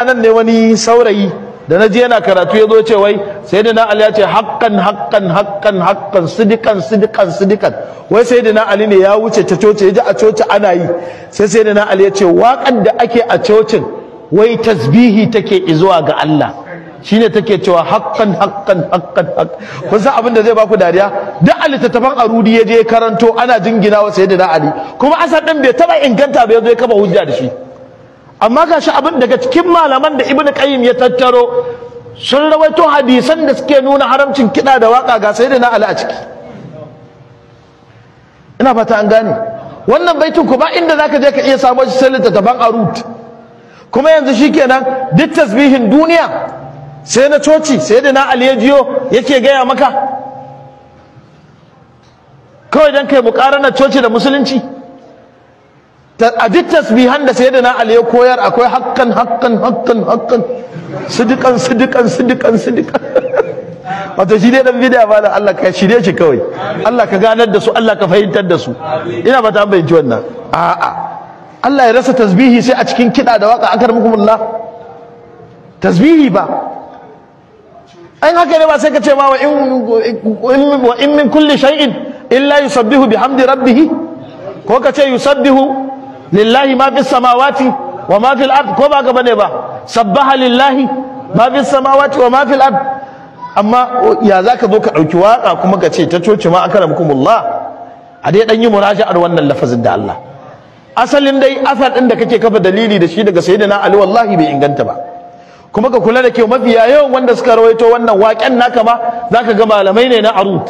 anan ne wani saurayi da na je yana karatu ya zo ce wai sai ali ya ce hakkan hakkan hakkan hakkan sidikan sidikan sidikan wai sai ali ne ya wuce ta coci ya ji a coci ana yi sai sai ali ya ce waƙan da ake a cocin wai tasbihi take izuwa ga Allah shine take cewa hakkan hakkan hakkan kun san abin da zai baku dariya ali a littattafan arudi ya je karanto ana jinginawa sai da ali kuma asar ɗin bai taɓa inganta ba ya zo ya kafa hujja da shi amma ga shi abin daga cikin malaman da ibnu qayyim ya tattaro sun rawaito hadisan da suke nuna haramcin kiɗa da waka ga sayyidina ali a ciki ina fata an gane wannan baitin ku ba inda zaka je ka iya samo shi sai littattafan arut kuma yanzu shi shikenan duk tasbihin duniya sai na coci sai da na jiyo yake gaya maka kawai dan kai mukarana coci da musulunci a duk tasbihan da sai na Ali ya koyar akwai hakkan hakkan hakkan hakkan sidikan sidikan sidikan sidikan wato shi dai dan bid'a ba da Allah ka shirye shi kawai Allah ka ganar da su Allah ka fahimtar da su ina ba ta bayyana wannan a'a Allah ya rasa tasbihi sai a cikin kida da waka akar muku mullah tasbihi ba an haka ne ba sai ka ce ma wa in min kulli shay'in illa yusabbihu bihamdi rabbih ko ka ce yusabbihu lillahi ma fis samawati wa ma fil ard ko ba gaba ne ba sabbaha lillahi ma fis samawati wa ma fil ard amma ya zaka zo ka ɗauki waka kuma ka ce ta coci ma akramakumullah a dai dan yi muraja'ar wannan lafazin da Allah asalin dai asal ɗin da kake kafa dalili da shi daga sayyidina ali wallahi bai inganta ba kuma ka kula da kyau mafiya yawan wanda suka rawaito wannan waken naka ma zaka ga malamai ne na arut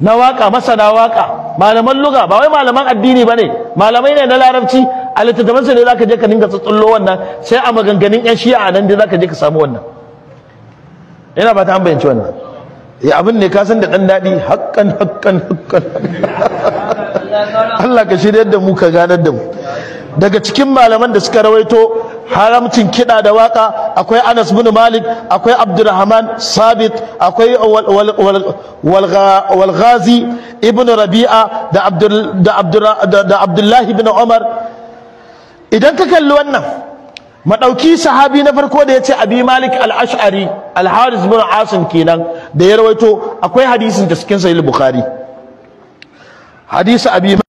na waka masana waka malaman luga ba wai malaman addini bane malamai ne na larabci a littattafansu ne zaka je ka dinga tsatsullo wannan sai a maganganun yan shi'a nan dai zaka je ka samu wannan ina ba ta an wannan ya eh, abin ne ka san da dan dadi hakkan hakkan hakkan Allah ka shirya da mu ka ganar da mu daga cikin malaman da suka rawaito haramcin kiɗa da waƙa akwai anas bin malik akwai abdurrahman sabit akwai walghazi ibn rabi'a da abdullahi bin umar idan ka kalli wannan maɗauki sahabi na farko da ya ce abi malik al-ash'ari al-haris bin asim kenan da ya rawaito akwai hadisin da cikin sahih bukhari hadisi abi